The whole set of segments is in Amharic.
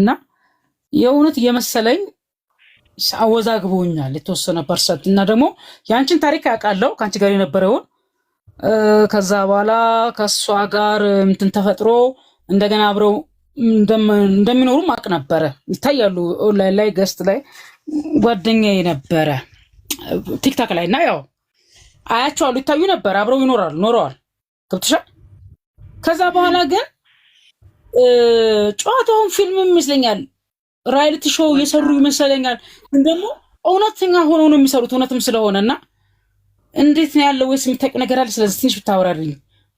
እና የእውነት የመሰለኝ አወዛግቦኛል የተወሰነ ፐርሰንት እና ደግሞ የአንቺን ታሪክ ያውቃለው ከአንቺ ጋር የነበረውን ከዛ በኋላ ከእሷ ጋር እንትን ተፈጥሮ እንደገና አብረው እንደሚኖሩም አውቅ ነበረ። ይታያሉ ኦንላይን ላይ ገስት ላይ ጓደኛ ነበረ ቲክታክ ላይ እና ያው አያቸዋሉ ይታዩ ነበር። አብረው ይኖራሉ ኖረዋል። ገብቶሻል። ከዛ በኋላ ግን ጨዋታውን ፊልም ይመስለኛል ራይልት ሾው እየሰሩ ይመስለኛል። ደግሞ እውነተኛ ሆነው ነው የሚሰሩት እውነትም ስለሆነ እና እንዴት ነው ያለው ወይስ የምታውቂው ነገር አለ? ስለዚህ ትንሽ ብታወራልኝ።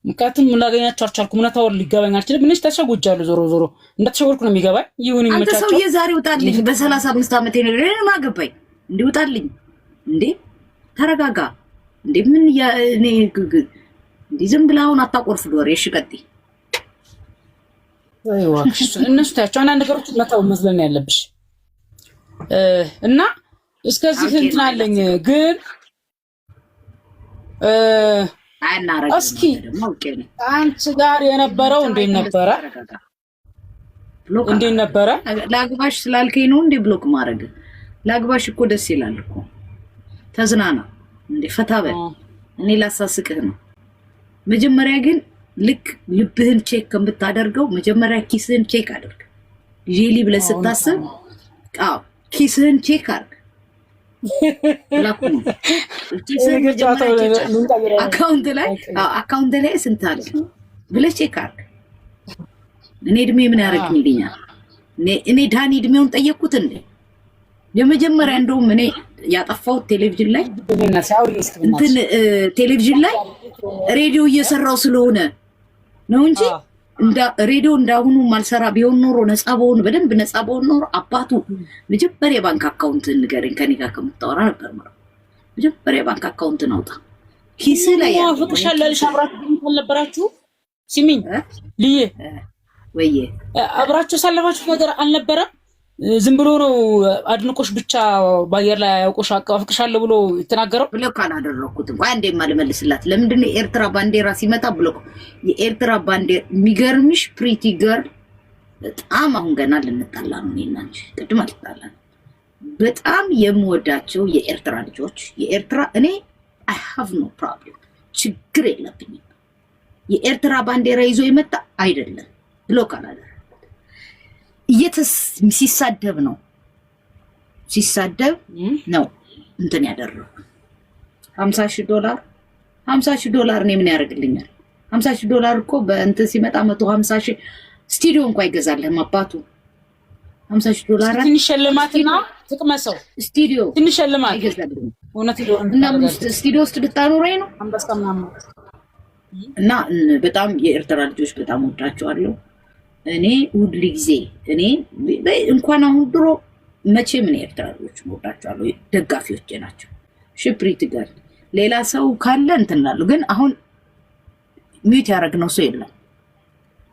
ምክንያቱም ላገኛቸው አልቻልኩም። እውነታውን ሊገባኝ አልችልም። ምንሽ ተሸጎጃሉ። ዞሮ ዞሮ እንደተሸጎድኩ ነው የሚገባኝ። ይሁን አንተ ሰውዬ ዛሬ ውጣልኝ። በሰላሳ አምስት ዓመት ነ ማገባኝ እንዲ ውጣልኝ። እንዴ ተረጋጋ። እንዴ ምን እኔ እንዲህ ዝም ብለህ አሁን አታቆርፍ ዶር የሽ ቀጤ እነሱ ታያቸው አንዳንድ ነገሮች መተው መዝለን ያለብሽ እና እስከዚህ እንትን አለኝ ግን እስኪ አንቺ ጋር የነበረው እንዴት ነበረ? እንዴት ነበረ? ለአግባሽ ስላልከኝ ነው እንዴ ብሎክ ማድረግ? ለአግባሽ እኮ ደስ ይላል እኮ ተዝናና እንዴ ፈታ በል። እኔ ላሳስቅህ ነው መጀመሪያ ግን ልክ ልብህን ቼክ ከምታደርገው መጀመሪያ ኪስህን ቼክ አድርግ። ሌሊ ብለህ ስታስብ ኪስህን ቼክ አድርግ። አካውንት ላይ አካውንት ላይ ስንት አለ ብለህ ቼክ አድርግ። እኔ እድሜ ምን ያደርግልኛል? እኔ ዳኒ እድሜውን ጠየቅኩት እንዴ? የመጀመሪያ እንደውም እኔ ያጠፋሁት ቴሌቪዥን ላይ እንትን ቴሌቪዥን ላይ ሬዲዮ እየሰራው ስለሆነ ነው እንጂ ሬዲዮ እንዳሁኑ ማልሰራ ቢሆን ኖሮ ነፃ በሆኑ በደንብ ነፃ በሆን ኖሮ አባቱ መጀመሪያ የባንክ አካውንት ንገረኝ ከኔ ጋር ከምታወራ ነበር ምራ መጀመሪያ የባንክ አካውንት ናውጣ ኪስ ላይ ፍቅሻለልሽ አብራችሁ አልነበራችሁ ሲሚኝ ልዬ ወይ አብራችሁ ሳለፋችሁ ነገር አልነበረም ዝም ብሎ ነው አድንቆሽ ብቻ በአየር ላይ አያውቆሽ አቀፋፍቅሻለሁ ብሎ የተናገረው። ብሎክ አላደረኩትም። ቆይ አንዴ ልመልስላት። ለምንድን የኤርትራ ባንዴራ ሲመጣ ብሎክ? የኤርትራ ባንዲራ የሚገርምሽ ፕሪቲ ገርል በጣም አሁን ገና ልንጣላ ነው እኔና አንቺ፣ ቅድም አልጣላ በጣም የምወዳቸው የኤርትራ ልጆች የኤርትራ እኔ አይ ሃቭ ኖ ፕሮብሌም፣ ችግር የለብኝም። የኤርትራ ባንዴራ ይዞ የመጣ አይደለም ብሎክ አላደረ ሲሳደብ ነው ሲሳደብ ነው እንትን ያደረው ሀምሳ ሺህ ዶላር ሀምሳ ሺህ ዶላር እኔ ምን ያደርግልኛል? ሀምሳ ሺህ ዶላር እኮ በእንትን ሲመጣ መቶ ሀምሳ ሺህ ስቱዲዮ እንኳ አይገዛልህም አባቱ። ሀምሳ ሺህ ዶላር ትንሽ ትቅመሰው ስቱዲዮ ትንሽ ሽልማት አይገዛልህም። እና ስቱዲዮ ውስጥ ልታኖረኝ ነው። እና በጣም የኤርትራ ልጆች በጣም ወዳቸዋለሁ። እኔ ሁል ጊዜ እኔ እንኳን አሁን ድሮ መቼ ምን ኤርትራዎች ወዳቸዋለሁ፣ ደጋፊዎቼ ናቸው። ሽፕሪት ጋር ሌላ ሰው ካለ እንትን ግን አሁን ሚውት ያደረግነው ሰው የለም።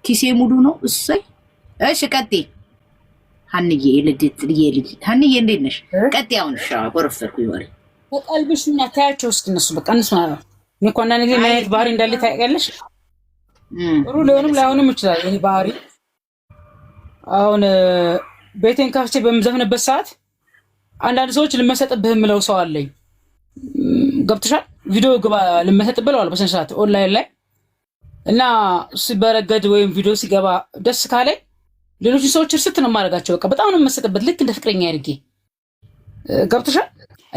ኪሴ ሙሉ ነው። እሰይ እሺ፣ ቀጤ ሀንዬ ልድት ልጅ ሀንዬ እንዴት ነሽ? ቀጤ አሁን ሻ ይወሬ ይወሪ በቀልብሽ እና ታያቸው እስኪ እነሱ በቃ እነሱ ማለት ነው እኮ ምን አይነት ባህሪ እንዳለ ታያቀለሽ። ጥሩ ሊሆንም ላይሆንም ይችላል ይህ ባህሪ አሁን ቤቴን ከፍቼ በምዘፍንበት ሰዓት አንዳንድ ሰዎች ልመሰጥብህ የምለው ሰው አለኝ። ገብቶሻል? ቪዲዮ ግባ ልመሰጥ ብለዋል በስነ ስርዓት ኦንላይን ላይ እና ሲበረገድ ወይም ቪዲዮ ሲገባ ደስ ካለኝ ሌሎች ሰዎች እርስት ነው የማደርጋቸው። በቃ በጣም ነው የምመሰጥበት ልክ እንደ ፍቅረኛ አድርጌ ገብቶሻል?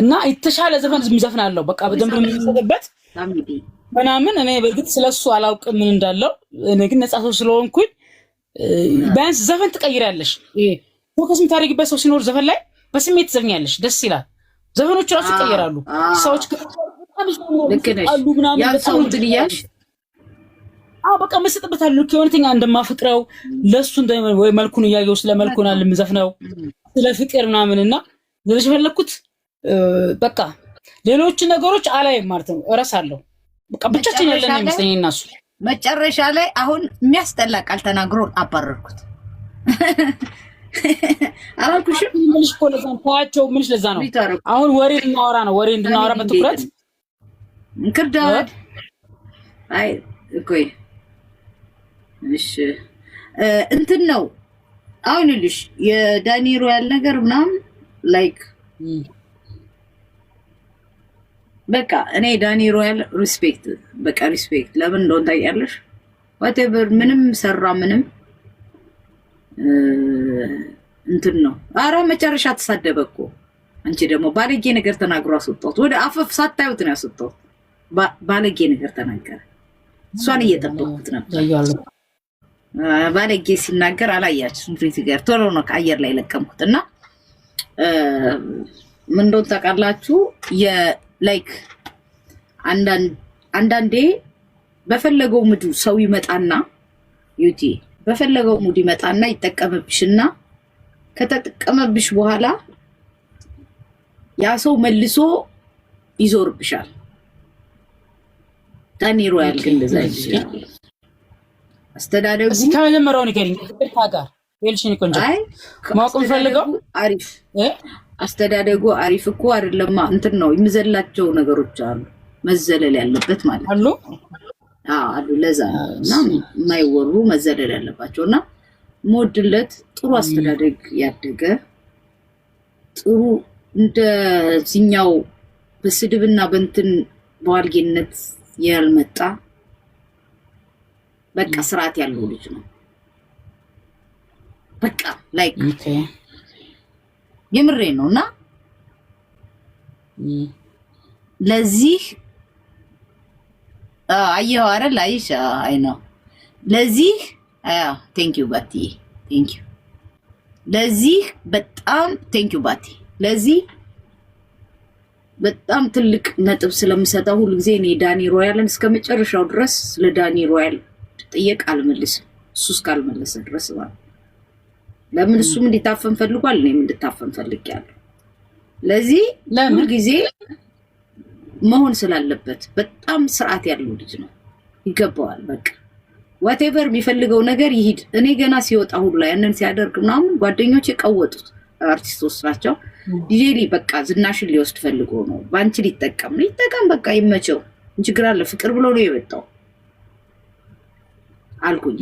እና የተሻለ ዘፈን እዘፍናለሁ። በቃ በደንብ የምመሰጥበት ምናምን እኔ በእርግጥ ስለሱ አላውቅም ምን እንዳለው። እኔ ግን ነጻ ሰው ስለሆንኩኝ ቢያንስ ዘፈን ትቀይራለሽ። ፎከስ የምታደርጊበት ሰው ሲኖር ዘፈን ላይ በስሜት ትዘፍኛለሽ፣ ደስ ይላል። ዘፈኖች ራሱ ይቀየራሉ። ሰዎች አሉ ምናምን እያልሽ በቃ መስጥበታለሁ ከሆነተኛ እንደማፍቅረው ለሱ ወይ መልኩን እያየው ስለ መልኩን አለ ስለ ፍቅር ምናምን እና ዘሽ ፈለግኩት በቃ ሌሎችን ነገሮች አላይም ማለት ነው፣ እረሳለሁ። በቃ ብቻችን ያለን ይመስለኝ እናሱ መጨረሻ ላይ አሁን የሚያስጠላ ቃል ተናግሮ አባረርኩት። አላልኩሽም? ምንሽ ለዛ ነው አሁን ወሬ እናወራ ነው ወሬ እንድናወራ በትኩረት ክርዳድ። አይ እኮይ እሺ እንትን ነው አሁን ልሽ የዳኒ ሮያል ነገር ምናምን ላይክ በቃ እኔ ዳኒ ሮያል ሪስፔክት በቃ ሪስፔክት ለምን እንደሆነ ታውቂያለሽ። ዋቴቨር ምንም ሰራ ምንም እንትን ነው። አረ መጨረሻ ተሳደበ እኮ አንቺ ደግሞ ባለጌ ነገር ተናግሮ አስወጣት። ወደ አፈፍ ሳታዩት ነው ያስወጣት። ባለጌ ነገር ተናገረ። እሷን እየጠበኩት ነበር። ባለጌ ሲናገር አላያችሁ ፍሪት ጋር ቶሎ ነው ከአየር ላይ ለቀምኩት እና ምን እንደሆነ ታውቃላችሁ ላይክ አንዳንዴ በፈለገው ሙድ ሰው ይመጣና ዩቲ በፈለገው ሙድ ይመጣና ይጠቀምብሽና ከተጠቀመብሽ በኋላ ያ ሰው መልሶ ይዞርብሻል። ጠኒ ሮያል ግን እንደዛ አስተዳደጉ ከመጀመሪያው ንገሪኝ። ታጋር ልሽን ቆንጆ ማወቅ ፈልገው አሪፍ አስተዳደጉ አሪፍ እኮ አይደለም። እንትን ነው የሚዘላቸው ነገሮች አሉ፣ መዘለል ያለበት ማለት አሉ አሉ። ለዛ እና የማይወሩ መዘለል ያለባቸው እና ሞድለት ጥሩ አስተዳደግ ያደገ ጥሩ እንደዚኛው በስድብና በንትን በዋልጌነት ያልመጣ በቃ ስርዓት ያለው ልጅ ነው። በቃ ላይክ የምሬ ነው እና ለዚህ አየኸው አይደል? አይሽ አይ ነው ለዚህ አያ ቴንክ ዩ ባቲ ቴንክ ዩ ለዚህ በጣም ቴንክ ዩ ባቲ ለዚህ በጣም ትልቅ ነጥብ ስለምሰጠው ሁሉ ጊዜ እኔ ዳኒ ሮያልን እስከ መጨረሻው ድረስ ለዳኒ ሮያል ጥየቅ አልመልስም እሱ እስካልመለሰ ድረስ ማለት ለምን እሱም እንዲታፈን ፈልጓል፣ እኔም እንድታፈን ፈልጌያለሁ። ለዚህ ሁል ጊዜ መሆን ስላለበት በጣም ስርዓት ያለው ልጅ ነው፣ ይገባዋል። በቃ ዋቴቨር የሚፈልገው ነገር ይሂድ። እኔ ገና ሲወጣ ሁሉ ያንን ሲያደርግ ምናምን ጓደኞች የቀወጡት አርቲስቶች ናቸው። ዲጄሊ በቃ ዝናሽን ሊወስድ ፈልጎ ነው፣ በአንቺ ሊጠቀም ነው። ይጠቀም በቃ ይመቸው፣ ችግር አለ። ፍቅር ብሎ ነው የመጣው አልኩኝ።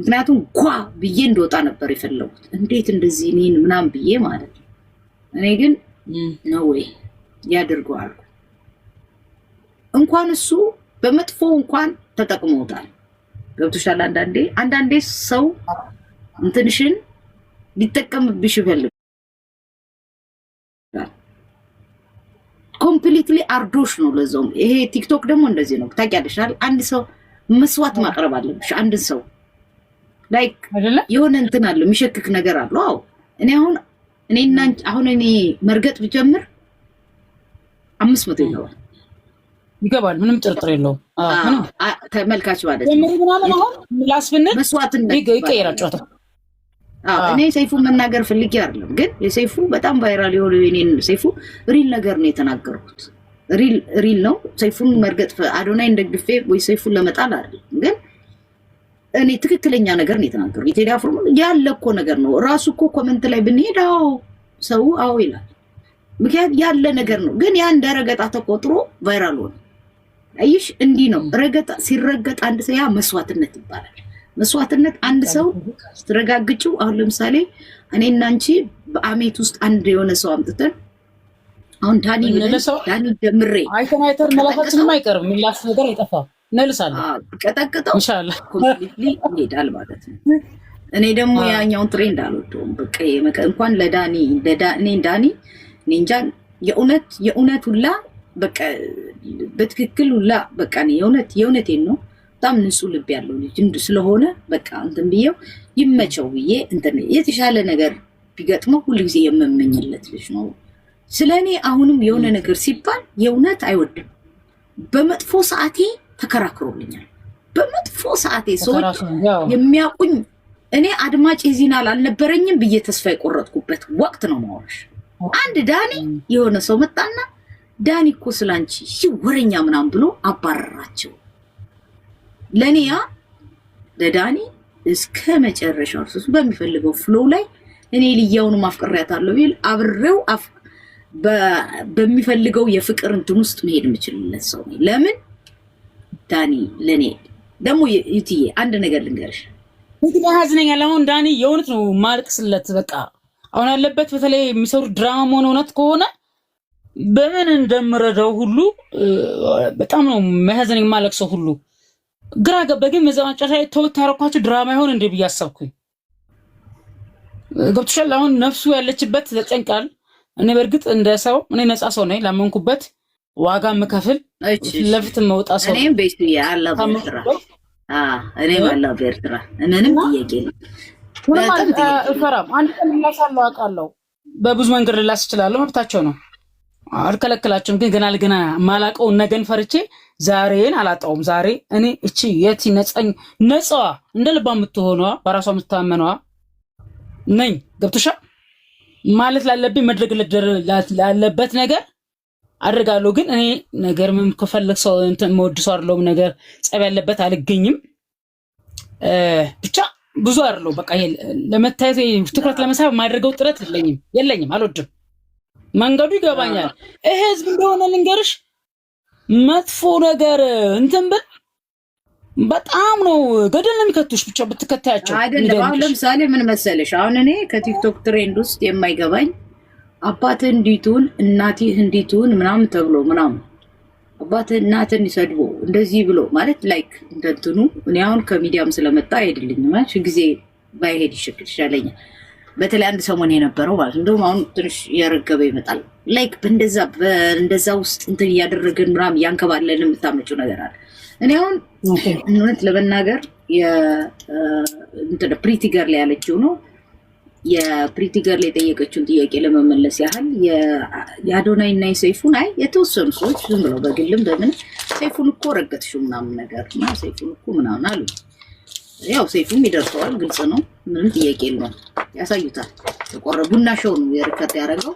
ምክንያቱም ኳ ብዬ እንደወጣ ነበር የፈለጉት። እንዴት እንደዚህ እኔን ምናምን ብዬ ማለት ነው። እኔ ግን ነው ወይ ያደርገዋል። እንኳን እሱ በመጥፎ እንኳን ተጠቅመውታል። ገብቶሻል። አንዳንዴ አንዳንዴ ሰው እንትንሽን ሊጠቀምብሽ ይፈልጋል። ኮምፕሊትሊ አርዶሽ ነው። ለዛውም ይሄ ቲክቶክ ደግሞ እንደዚህ ነው ታውቂያለሽ። አንድ ሰው መስዋዕት ማቅረብ አለብሽ አንድን ሰው ላይክ የሆነ እንትን አለው የሚሸክክ ነገር አለው። አዎ እኔ አሁን እኔ እና አሁን እኔ መርገጥ ብጀምር አምስት መቶ ይገባል ይገባል። ምንም ጥርጥር የለውም። ተመልካች ማለት ነው። እኔ ሰይፉ መናገር ፈልጌ አይደለም፣ ግን የሰይፉ በጣም ቫይራል የሆነ የኔን ሰይፉ ሪል ነገር ነው የተናገርኩት። ሪል ሪል ነው። ሰይፉን መርገጥ አዶናይን እንደግፌ ወይ ሰይፉን ለመጣል አይደለም እኔ ትክክለኛ ነገር ነው የተናገሩ። የቴዲ አፍሮ ያለ እኮ ነገር ነው ራሱ እኮ ኮመንት ላይ ብንሄድ አዎ ሰው አዎ ይላል። ምክንያት ያለ ነገር ነው። ግን ያ እንደ ረገጣ ተቆጥሮ ቫይራል ሆነ። አይሽ እንዲህ ነው ረገጣ። ሲረገጥ አንድ ሰው ያ መስዋዕትነት ይባላል። መስዋዕትነት አንድ ሰው ስትረጋግጭው፣ አሁን ለምሳሌ እኔ እና አንቺ በአሜት ውስጥ አንድ የሆነ ሰው አምጥተን አሁን ዳኒ ዳኒ ጀምሬ አይተን አይተን መላሳችንም አይቀርም ሚላስ ነገር አይጠፋም። እንልሳለን። ቀጠቅጠው ይሄዳል ማለት ነው። እኔ ደግሞ ያኛውን ትሬንድ አልወደውም። በቃ እንኳን ለዳኒ እኔን ዳኒ እንጃ የእውነት የእውነት ሁላ በቃ በትክክል ሁላ በቃ የእውነት የእውነቴን ነው። በጣም ንጹህ ልብ ያለው ልጅ ስለሆነ በቃ እንትን ብዬው ይመቸው ብዬ እንትን የተሻለ ነገር ቢገጥመው ጊዜ የምመኝለት ልጅ ነው። ስለ እኔ አሁንም የሆነ ነገር ሲባል የእውነት አይወድም። በመጥፎ ሰዓቴ ተከራክሮልኛል። በመጥፎ ሰዓቴ ሰዎች የሚያውቁኝ እኔ አድማጭ ይዚናል አልነበረኝም ብዬ ተስፋ የቆረጥኩበት ወቅት ነው ማወራሽ። አንድ ዳኒ የሆነ ሰው መጣና ዳኒ እኮ ስላንቺ ወረኛ ምናምን ብሎ አባረራቸው። ለእኔ ያ ለዳኒ እስከ መጨረሻ እርሱ በሚፈልገው ፍሎው ላይ እኔ ልያውን አፍቅሬያታለሁ ቢል አብሬው በሚፈልገው የፍቅር እንትን ውስጥ መሄድ የምችልለት ሰው ለምን ዳኒ ለእኔ ደግሞ ዩትዬ አንድ ነገር ልንገርሽ፣ እንግዲህ አዝነኛል። አሁን ዳኒ የእውነት ነው ማልቅስለት። በቃ አሁን ያለበት በተለይ የሚሰሩ ድራማ መሆን እውነት ከሆነ በምን እንደምረዳው ሁሉ በጣም ነው መያዝነኝ ማለቅሰው ሁሉ ግራ ገባኝ። ግን መዛ መጨረሻ ተወት ያረኳቸው ድራማ ይሆን እንደ ብዬ አሰብኩኝ። ገብቶሻል። አሁን ነፍሱ ያለችበት ተጨንቃል። እኔ በእርግጥ እንደ ሰው እኔ ነፃ ሰው ነኝ ላመንኩበት ዋጋ የምከፍል ለፊት መውጣ ሰው እኔም በኢትዮጵያ አላህ እኔም አላህ ምንም ጥያቄ ነው። አንድ ቀን ላሳለው በብዙ መንገድ ልላስ እችላለሁ፣ መብታቸው ነው። አልከለክላቸውም። ግን ገና ለገና ማላቀው ነገን ፈርቼ ዛሬን አላጣውም። ዛሬ እኔ እቺ የቲ ነፃኝ ነፃዋ እንደ ልባ የምትሆነዋ በራሷ የምትታመነዋ ነኝ። ገብቶሻል ማለት ላለብኝ መድረግ ላለበት ነገር አድርጋለሁ። ግን እኔ ነገር ምን ከፈለግ ሰው መወድ ሰው አይደለሁም። ነገር ጸብ ያለበት አልገኝም። ብቻ ብዙ አይደለሁም። በቃ ይሄ ለመታየት ትኩረት ለመሳብ የማደርገው ጥረት የለኝም የለኝም። አልወድም። መንገዱ ይገባኛል። ይሄ ህዝብ እንደሆነ ልንገርሽ፣ መጥፎ ነገር እንትን ብል በጣም ነው ገደል ነው የሚከቱሽ። ብቻ ብትከታያቸው አይደለም። አሁን ለምሳሌ ምን መሰለሽ፣ አሁን እኔ ከቲክቶክ ትሬንድ ውስጥ የማይገባኝ አባትህ እንዲቱን እናትህ እንዲቱን ምናምን ተብሎ ምናምን አባትህ እናትን ይሰድቦ እንደዚህ ብሎ ማለት ላይክ እንደትኑ እኔ አሁን ከሚዲያም ስለመጣ አይሄድልኝም ሽ ጊዜ ባይሄድ ይሻለኛል። በተለይ አንድ ሰሞን የነበረው ማለት እንደውም አሁን ትንሽ እያረገበ ይመጣል። ላይክ በእንደዛ በእንደዛ ውስጥ እንትን እያደረግን ምናምን እያንከባለን የምታመጩ ነገር አለ። እኔ አሁን እውነት ለመናገር ፕሪቲ ገርል ያለችው ነው የፕሪቲ ገርል የጠየቀችውን ጥያቄ ለመመለስ ያህል የአዶናይ እና የሰይፉን አይ የተወሰኑ ሰዎች ዝም ብለው በግልም በምን ሰይፉን እኮ ረገጥሽው ምናምን ነገር እና ሰይፉን እኮ ምናምን አሉ። ያው ሰይፉም ይደርሰዋል፣ ግልጽ ነው፣ ምንም ጥያቄ የለውም። ያሳዩታል። የቆረ ቡና ሾው ነው የሪካርድ ያደረገው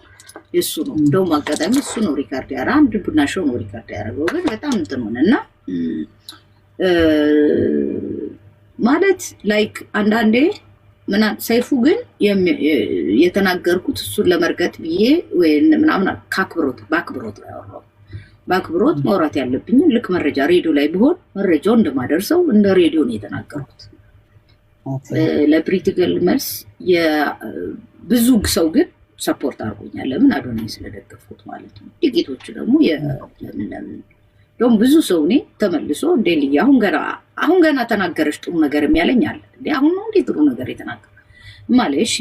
የእሱ ነው። እንደውም አጋጣሚ እሱ ነው ሪካርድ ያረ አንድ ቡና ሾው ነው ሪካርድ ያደረገው። ግን በጣም እንትን ሆነ እና ማለት ላይክ አንዳንዴ ምና ሰይፉ ግን የተናገርኩት እሱን ለመርገጥ ብዬ ወይ ምናምን በአክብሮት ነው ያወራው። በአክብሮት ማውራት ያለብኝን ልክ መረጃ ሬዲዮ ላይ ብሆን መረጃው እንደማደርሰው እንደ ሬዲዮ ነው የተናገርኩት። ለፕሪቲካል መልስ ብዙ ሰው ግን ሰፖርት አድርጎኛል። ለምን አዶናይ ስለደገፍኩት ማለት ነው። ጥቂቶቹ ደግሞ ለምን ለምን እንደውም ብዙ ሰው እኔ ተመልሶ እንዴ ልዬ አሁን ገና አሁን ገና ተናገረች ጥሩ ነገር የሚያለኝ አለ። እንዴ አሁን ነው እንዴ ጥሩ ነገር የተናገረ ማለ ማለሽ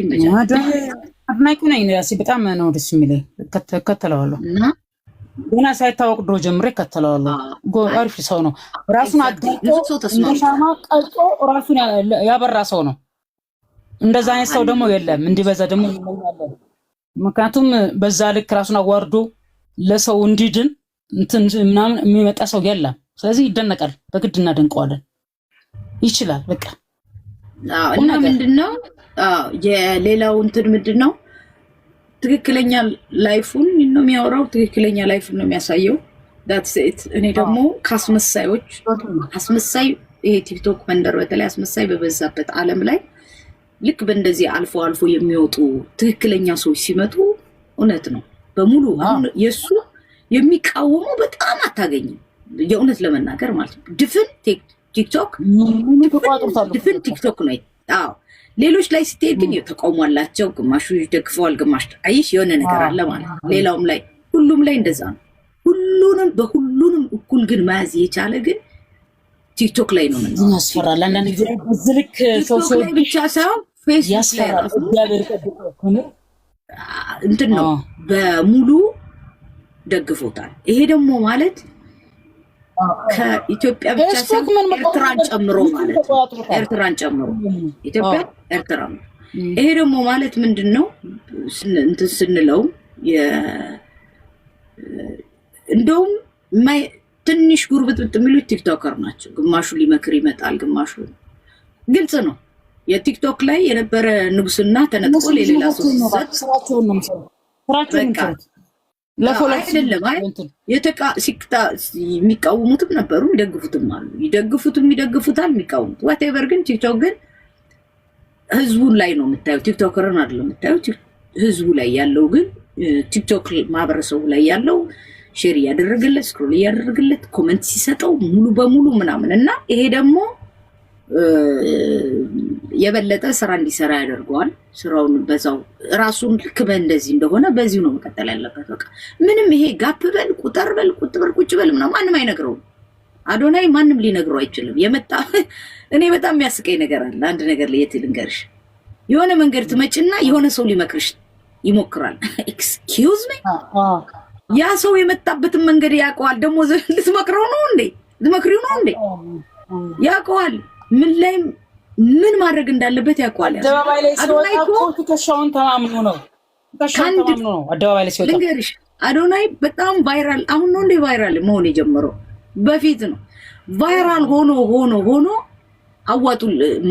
አድናቂ ነኝ ራሴ በጣም ነው ደስ የሚለ እከተለዋለሁ ገና ሳይታወቅ ድሮ ጀምሬ እከተለዋለሁ። አሪፍ ሰው ነው። ራሱን አዳማ ቀልጦ ራሱን ያበራ ሰው ነው። እንደዛ አይነት ሰው ደግሞ የለም። እንዲበዛ ደግሞ ምክንያቱም በዛ ልክ ራሱን አዋርዶ ለሰው እንዲድን እንትን ምናምን የሚመጣ ሰው የለም። ስለዚህ ይደነቃል። በግድ እናደንቀዋለን። ይችላል በቃ እና ምንድነው የሌላው እንትን ምንድን ነው ትክክለኛ ላይፉን ነው የሚያወራው፣ ትክክለኛ ላይፉን ነው የሚያሳየው። ዳትሴት እኔ ደግሞ ከአስመሳዮች አስመሳይ ይሄ ቲክቶክ መንደር በተለይ አስመሳይ በበዛበት ዓለም ላይ ልክ በእንደዚህ አልፎ አልፎ የሚወጡ ትክክለኛ ሰዎች ሲመጡ እውነት ነው በሙሉ የእሱ የሚቃወሙ በጣም አታገኝም። የእውነት ለመናገር ማለት ነው ድፍን ቲክቶክ ድፍን ቲክቶክ ነው። አዎ ሌሎች ላይ ስትሄድ ግን ተቃውሞ ግማሹ ደግፈዋል፣ ግማሽ አይሽ የሆነ ነገር አለ ማለት ነው። ሌላውም ላይ ሁሉም ላይ እንደዛ ነው። ሁሉንም በሁሉንም እኩል ግን መያዝ የቻለ ግን ቲክቶክ ላይ ነው ያስፈራል። አንዳንድ ጊዜ ብቻ ሳይሆን ፌስቡክ ላይ እንትን ነው በሙሉ ደግፎታል። ይሄ ደግሞ ማለት ከኢትዮጵያ ብቻ ሳይሆን ኤርትራን ጨምሮ ማለት ኤርትራን ጨምሮ ኢትዮጵያ ኤርትራ ነው። ይሄ ደግሞ ማለት ምንድን ነው እንትን ስንለው እንደውም ትንሽ ጉርብጥብጥ የሚሉት ቲክቶከር ናቸው። ግማሹ ሊመክር ይመጣል፣ ግማሹ ግልጽ ነው። የቲክቶክ ላይ የነበረ ንጉስና ተነጥቆ ለሌላ ሰው ሲሰጥ የሚቃወሙትም ነበሩ ይደግፉትም አሉ። ይደግፉትም ይደግፉታል፣ የሚቃወሙት ዋቴቨር። ግን ቲክቶክ ግን ህዝቡን ላይ ነው የምታዩ፣ ቲክቶከርን አይደለም የምታዩ። ህዝቡ ላይ ያለው ግን ቲክቶክ ማህበረሰቡ ላይ ያለው ሼር እያደረገለት ስክሮል እያደረገለት ኮመንት ሲሰጠው ሙሉ በሙሉ ምናምን እና ይሄ ደግሞ የበለጠ ስራ እንዲሰራ ያደርገዋል። ስራውን በዛው ራሱን ልክ በ እንደዚህ እንደሆነ በዚሁ ነው መቀጠል ያለበት። በቃ ምንም ይሄ ጋፕ በል ቁጠር በል ቁጥ በል ቁጭ በል ምናምን ማንም አይነግረውም። አዶናይ ማንም ሊነግረው አይችልም። የመጣ እኔ በጣም የሚያስቀኝ ነገር አለ። አንድ ነገር ለየት ልንገርሽ። የሆነ መንገድ ትመጭና የሆነ ሰው ሊመክርሽ ይሞክራል። ኤክስኪውዝ ሚ ያ ሰው የመጣበትን መንገድ ያውቀዋል። ደግሞ ልትመክረው ነው እንዴ? ልትመክሪው ነው እንዴ? ያውቀዋል ምን ላይ ምን ማድረግ እንዳለበት ያውቀዋል። አደባባይ ላይ ሲወጣ እኮ ትከሻውን ተማምኖ ነው አደባባይ ላይ ሲወጣ። ልንገርሽ አዶናይ በጣም ቫይራል አሁን ነው እንደ ቫይራል መሆን የጀመረው በፊት ነው። ቫይራል ሆኖ ሆኖ ሆኖ አዋጡ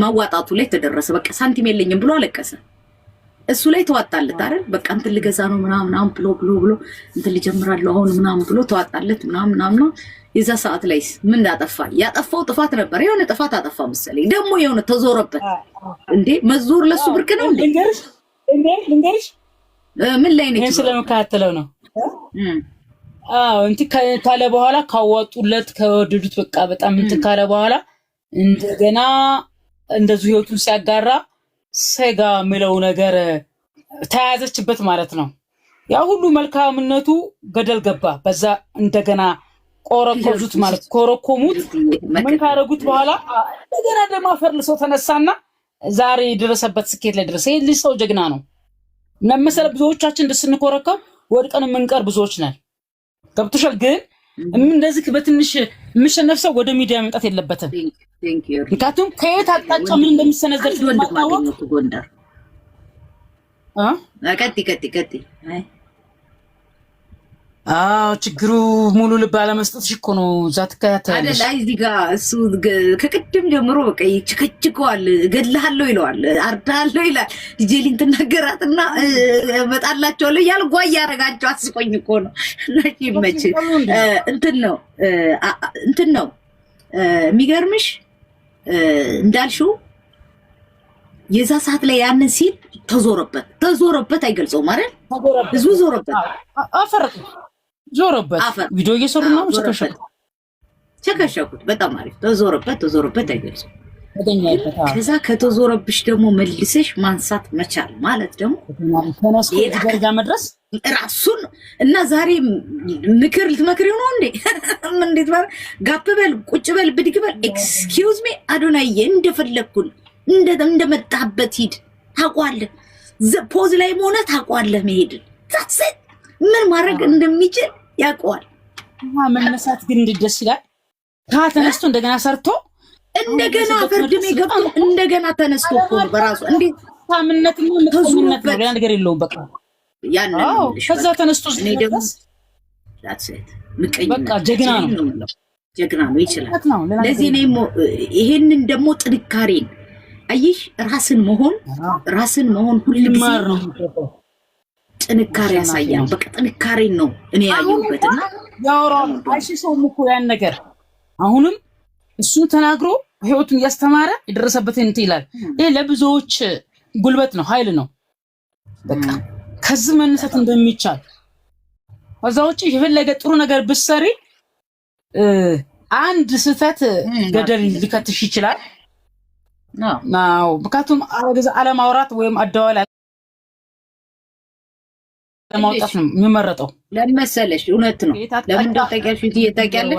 ማዋጣቱ ላይ ተደረሰ። በቃ ሳንቲም የለኝም ብሎ አለቀሰ። እሱ ላይ ተዋጣለት አይደል? በቃ እንትን ልገዛ ነው ምናምናም ብሎ ብሎ ብሎ እንትን ልጀምራለሁ አሁን ምናምን ብሎ ተዋጣለት ምናምናም ነው። የዛ ሰዓት ላይ ምን እንዳጠፋ ያጠፋው ጥፋት ነበር። የሆነ ጥፋት አጠፋ መሰለኝ ደግሞ የሆነ ተዞረበት። እንዴ መዞር ለሱ ብርቅ ነው እንዴ? ምን ላይ ነች? ስለመካተለው ነው እንትን ካለ በኋላ ካዋጡለት ከወደዱት በቃ በጣም እንትን ካለ በኋላ እንደገና እንደዚሁ ህይወቱን ሲያጋራ ስጋ የሚለው ነገር ተያያዘችበት ማለት ነው። ያ ሁሉ መልካምነቱ ገደል ገባ። በዛ እንደገና ቆረኮዙት ማለት ኮረኮሙት። ምን ካደረጉት በኋላ እንደገና ደግሞ አፈርልሶ ተነሳና ዛሬ የደረሰበት ስኬት ላይ ደረሰ። ይህ ልጅ ሰው ጀግና ነው መመሰለ ብዙዎቻችን እንደ ስንኮረከብ ወድቀን የምንቀር ብዙዎች ነን። ገብቶሻል ግን እንደዚህ በትንሽ የምሸነፍ ሰው ወደ ሚዲያ መምጣት የለበትም። ምክንያቱም ከየት አቅጣጫ ምን እንደሚሰነዘር ስለማታወቅ። ቀጥ ቀጥ ቀጥ አዎ ችግሩ ሙሉ ልብ አለመስጠት ሽኮ ነው። እዛ ትከታተያለሽ አይደል? እዚህ ጋ እሱ ከቅድም ጀምሮ በቃ ይችከችከዋል። እገድልሃለሁ ይለዋል፣ አርዳሃለሁ ይላል። ልጄ ሊን ትናገራትና እመጣላቸዋለሁ እያለ ጓ እያደረጋቸው አስቆኝ እኮ ነው። እናሽ ይመች እንትን ነው እንትን ነው የሚገርምሽ እንዳልሽው የዛ ሰዓት ላይ ያንን ሲል ተዞረበት ተዞረበት፣ አይገልጸውም አይደል? ብዙ ዞረበት አፈረ ዞረበት። ቪዲዮ እየሰሩ ነው ሸከሸኩ ሸከሸኩት። በጣም አሪፍ ተዞረበት፣ ተዞረበት አይገልጽም። ከዛ ከተዞረብሽ ደግሞ መልሰሽ ማንሳት መቻል ማለት ደግሞ ደረጃ መድረስ ራሱን እና ዛሬ ምክር ልትመክር ነው እንዴ? እንዴት ባለ ጋፕ በል ቁጭ በል ብድግ በል ኤክስኪውዝ ሜ አዶናዬ፣ እንደፈለግኩን እንደመጣበት ሂድ። ታውቋለህ፣ ፖዝ ላይ መሆነ ታውቋለህ መሄድን ምን ማድረግ እንደሚችል ያውቀዋል። መነሳት ግን እንዴት ደስ ይላል! ተነስቶ እንደገና ሰርቶ እንደገና ፍርድ ቤት እንደገና ተነስቶ እኮ ነው በራሱ እንዴት ታምነት ነው ምትዙነት ነው ሌላ ነገር የለውም። በቃ ያን ከዛ ተነስቶ በቃ ጀግና ነው ጀግና ነው ይችላል። ለዚህ እኔም ይሄንን ደግሞ ጥንካሬን አይሽ ራስን መሆን ራስን መሆን ሁሉ ጊዜ ነው ጥንካሬ ያሳያል። በቃ ጥንካሬን ነው እኔ ያየሁበትና አይሽ አይሽሰውም እኮ ያን ነገር አሁንም እሱ ተናግሮ ህይወቱን እያስተማረ የደረሰበትን እንትን ይላል። ይህ ለብዙዎች ጉልበት ነው፣ ሀይል ነው። በቃ ከዚህ መነሳት እንደሚቻል ከዛ ውጭ የፈለገ ጥሩ ነገር ብትሰሪ አንድ ስህተት ገደል ሊከትሽ ይችላል። ምክንያቱም አለማውራት ወይም አደዋላ ለማውጣት ነው የሚመረጠው። ለመሰለሽ እውነት ነው። ለምን እንደው ታውቂያለሽ፣ ታውቂያለሽ